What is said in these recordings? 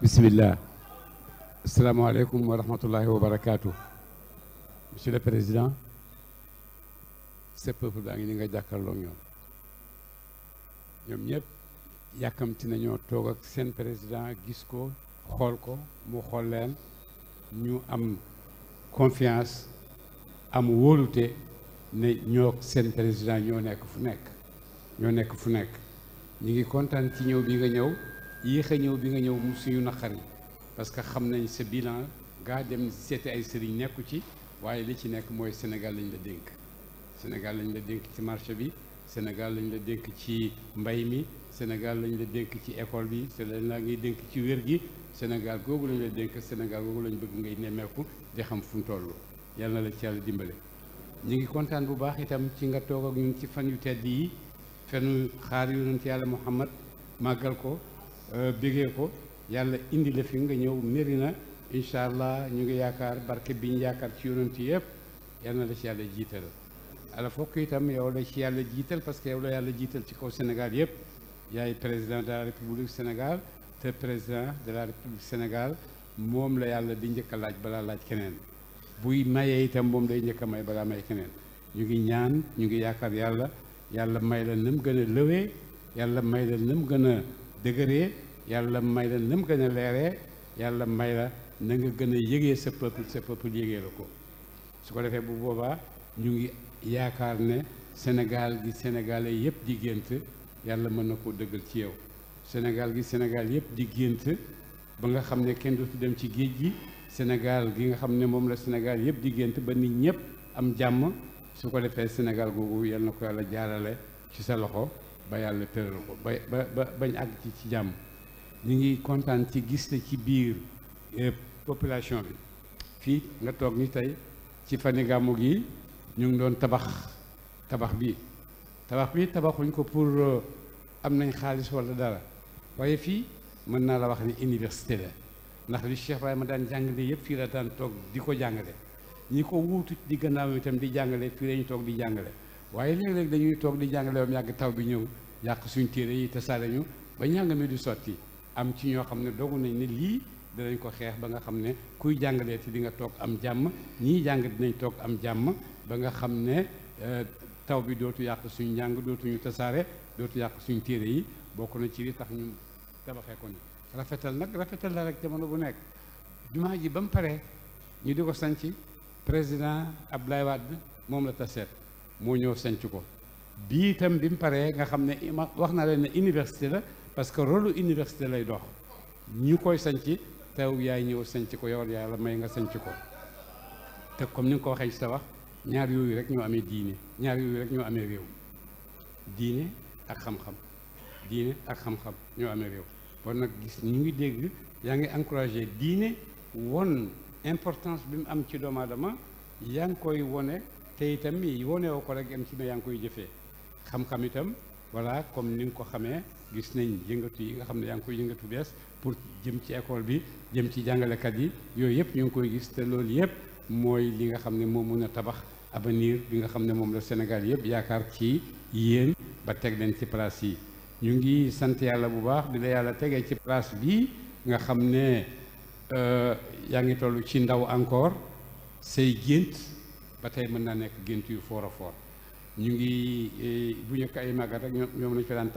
bismillah asalaamaaleykum wa rahmatullahi wa barakaatu monsieur le président ce peuple baa ngi ni nga jàkkarloo ñoom ñoom ñëpp yàkkamti nañoo toog ak seen président gis ko xool ko mu xool leen ñu am confiance am wóolute ne ñoo seen président ñoo nekk fu nekk ñoo nekk fu nekk ñu ngi kontaan ci ñëw bi nga ñëw yéex a ñëw bi nga ñëw mu suñu naqari parce que xam nañ sa bilan ngaa dem seeti ay sëriñ nekku ci waaye li ci nekk mooy Sénégal lañ la dénk Sénégal lañ la dénk ci marché bi Sénégal lañ la dénk ci mbay mi Sénégal lañ la dénk ci école bi Sénégal laa ngi dénk ci wér gi Sénégal googu lañ la dénk Sénégal googu lañ bëgg ngay nemmeeku di xam fu mu toll yàlla na la ci yàlla dimbale ñu ngi kontaan bu baax itam ci nga toog ak ñun ci fan yu tedd yi fenu xaar yonent yàlla Muhammad màggal ko Euh, bégee ko yàlla indi la fi nga ñëw méri na incha allah ñu ngi yaakaar barke ñu yaakaar ci yonent yëpp yal la ci yàlla jiital ala fokk itam yow la ci yàlla jiital parce que yow la yàlla jiital ci kaw Sénégal yëpp yaay président de la république Sénégal te président de la république Sénégal moom la yàlla di njëkk a laaj balaa laaj keneen buy mayee itam moom lay njëkk a may balaa may keneen ñu ngi ñaan ñu ngi yaakaar yàlla yàlla may la nam gën a lëwee yàlla may la nam gën a dëgëree yàlla may la na mu gën a leere yàlla may la na nga gën a yëgee sa peuple sa peuple yëgee la ko su ko defee bu boobaa ñu ngi yaakaar ne Sénégal gi Sénégalais yëpp di gént yàlla mën na koo dëggal ci yow Sénégal gi Sénégal yëpp di gént ba nga xam ne kenn dootu dem ci géej gi Sénégal gi nga xam ne moom la Sénégal yëpp di gént ba nit ñëpp am jàmm su ko defee Sénégal googu yal na ko yàlla jaarale ci sa loxo ba yàlla tëral ko ba ba bañ àgg ci ci jàmm ñu ngi kontaan ci gis na ci biir eh, population bi fii nga toog ni tey ci fani gàmmu gi ñu ngi doon tabax tabax bi tabax bi tabaxuñ ko pour euh, am nañ xaalis wala dara waaye fii mën naa la wax ni université la ndax li Cheikh Baye ma daan jàngale yëpp fii la daan toog di ko jàngale ñi ko wuutu di gannaaw itam di jàngale fii lañu toog di jàngale waaye léeg-léeg dañuy toog di jàngale ba mu yàgg taw bi ñëw yàq suñ téere yi tasaare ñu ba njàng mi du sotti am ci ñoo xam ne dogu nañ ne lii danañ ko xeex ba nga xam ne kuy jàngalee ti di nga toog am jàmm ñi jàng dinañ toog am jàmm ba nga xam ne euh, taw bi dootu yàq suñ njàng dootuñu tasaare dootu yàq suñ téere yi bokk na ci li tax ñu tabaxee ko ni rafetal nag rafetal la rek jamono bu nekk jumaa ji ba mu paree ñu di ko sanc président Abdoulaye Wade moom la taseet moo ñëw sanc ko bii itam bi mu paree nga xam ne wax naa leen ne université la parce que rôle université lay dox ñu koy sanc taw yaay ñëw sanc ko yow yàlla may nga sanc ko te comme ni nga ko waxee ci sa wax ñaar yooyu rek ñoo amee diine ñaar yooyu rek ñoo amee réew diine ak xam-xam ak xam-xam ñoo kon nag gis ñu ngi dégg yaa ngi encouragé diine won importance bi mu am ci doomu aadama yaa ngi koy wone te itam wone woo ko rek am ci mais yaa ngi koy jëfee xam-xam itam voilà comme ni nga ko xamee gis nañ yëngatu yi nga xam ne yaa ngi koy yëngatu bees pour jëm ci école bi jëm ci jàngalekat yi yooyu yëpp ñu ngi koy gis te loolu yëpp mooy li nga xam ne moo mën a tabax avenir bi nga xam ne moom la Sénégal yëpp yaakaar ci yéen ba teg leen ci place yi ñu ngi sant yàlla bu baax dina la yàlla tegee ci place bi nga xam ne euh, yaa ngi toll ci ndaw encore say gént ba tey mën naa nekk gént yu foor a foor ñu ngi e, bu ñu ko ay rek ñoom lañu fi daan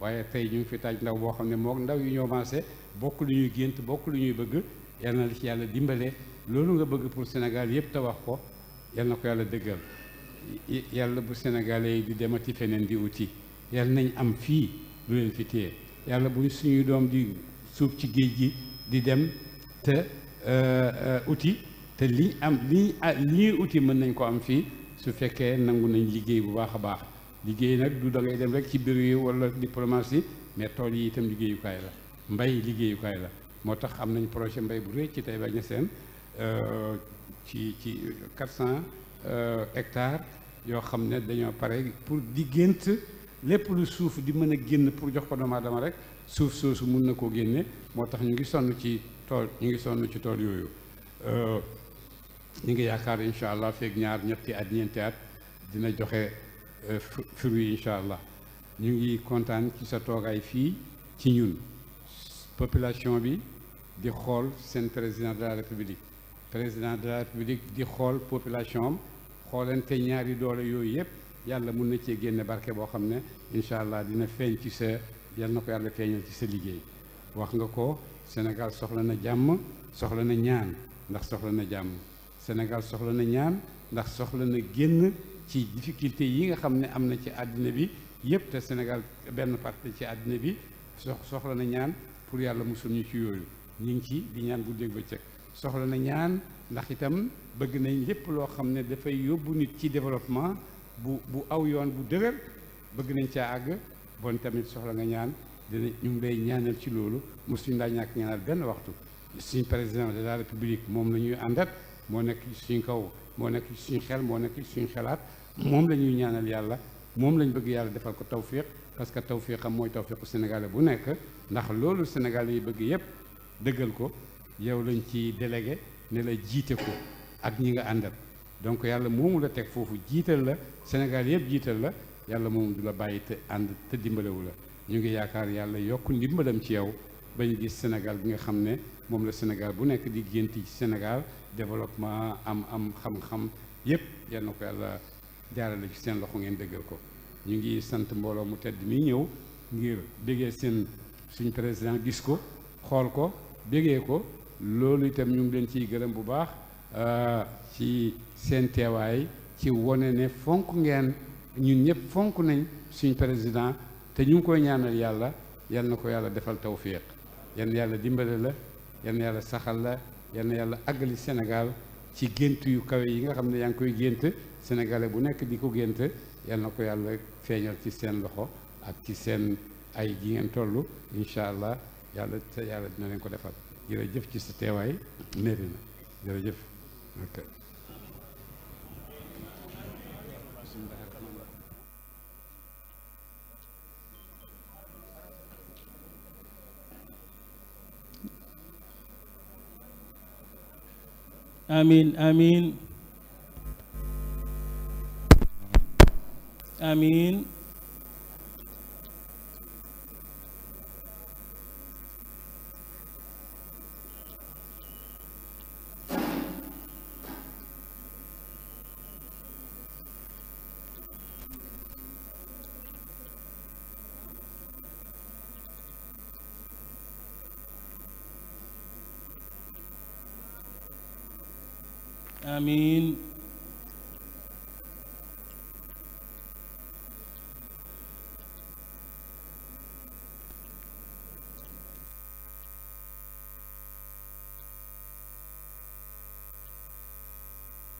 waaye tey ñu ngi fi taaj ndaw boo xam ne moog ndaw yu ñoo avancé bokk lu ñuy gént bokk lu ñuy bëgg yal na ci yàlla dimbale loolu nga bëgg pour Sénégal yëpp te wax ko yal na ko yàlla dëggal yàlla bu Sénégalais yi di demati feneen di uti yàlla nañ am fii lu leen fi téye yàlla bu suñu doom di suuf ci géej gi di dem te e, e, uti te liñ am liñ li ñuy uti mën nañ ko am fii su fekkee nangu nañ liggéey bu baax a baax liggéey nag du da dem rek ci bureau yi wala diplomatie mais tool yi itam liggéeyukaay la mbay liggéeyukaay la moo tax am nañ projet mbay bu rëy ci tey ba ñeseen ci ci quatre cent euh, hectares yoo xam ne dañoo pare pour di diggante lépp lu suuf di mën a génn pour jox ko doomu aadama rek suuf soosu mun na koo génnee moo tax ñu ngi sonn ci tool ñu ngi sonn ci tool yooyu euh, ñu ngi yaakaar incha allah feeg ñaar ñetti at ñeenti at dina joxe euh, fruit incha allah ñu ngi kontaan ci sa toogaay fii ci ñun population bi di xool seen président de la république président de la république di xool population am xoolante ñaari doole yooyu yëpp yàlla mun na cee génne barke boo xam ne incha allah dina feeñ ci sa yal na ko yàlla feeñal ci sa liggéey wax nga ko Sénégal soxla na jàmm soxla na ñaan ndax soxla na jàmm Sénégal soxla na ñaan ndax soxla na génn ci difficulté yi nga xam ne am na ci àddina bi yépp te Sénégal benn parti ci àddina bi sox soxla na ñaan pour yàlla musul ñu ci yooyu ñu ngi ci di ñaan guddeeg bëccëg soxla na ñaan ndax itam bëgg nañ lépp loo xam ne dafay yóbbu nit ci développement bu bu aw yoon bu dëgër bëgg nañ caa àgg bon tamit soxla nga ñaan dina ñu ngi lay ñaanal ci loolu mosuñ laa ñàkk ñaanal benn waxtu suñ président de la république moom la ñuy àndat moo nekk ci suñ kaw moo nekk ci suñ xel moo nekk ci suñ xelaat moom la ñuy ñaanal yàlla moom lañ bëgg yàlla defal ko tawfiq parce que tawfiqam mooy tawfiqu sénégalais bu nekk ndax loolu sénégalais yi bëgg yépp dëggal ko yow lañ ci délégué ne la jiite ko ak ñi nga àndal donc yàlla moomu la teg foofu jiital la Sénégal yëpp jiital la yàlla moom du la bàyyi te ànd te dimbalewu la ñu ngi yaakaar yàlla yokk ndimbalam ci yow bañ gis Sénégal bi nga xam ne moom la Sénégal bu nekk di génti ci Sénégal développement am am xam-xam yépp yal na ko yàlla jaarale ci seen loxo ngeen dëggal ko ñu ngi sant mbooloo mu tedd mi ñëw ngir bégee seen suñ président gis ko xool ko bégee ko loolu itam ñu ngi leen ciy gërëm bu baax euh, ci seen teewaay ci wone ne fonk ngeen ñun ñëpp fonk nañ suñ président te ñu ngi koy ñaanal yàlla yal na ko yàlla defal tawfiq yan yàlla dimbale la yal na yàlla saxal la yal na yàlla àggali Sénégal ci gént yu kawe yi nga xam ne yaa ngi koy gént sénégalais bu nekk di ko gént yal na ko yàlla feeñal ci seen loxo ak ci seen ay ji ngeen toll incha allah yàlla yàlla dina leen ko defal jëf ci sa teewaay néeri na jërëjëf ok amiin amiin amiin amiin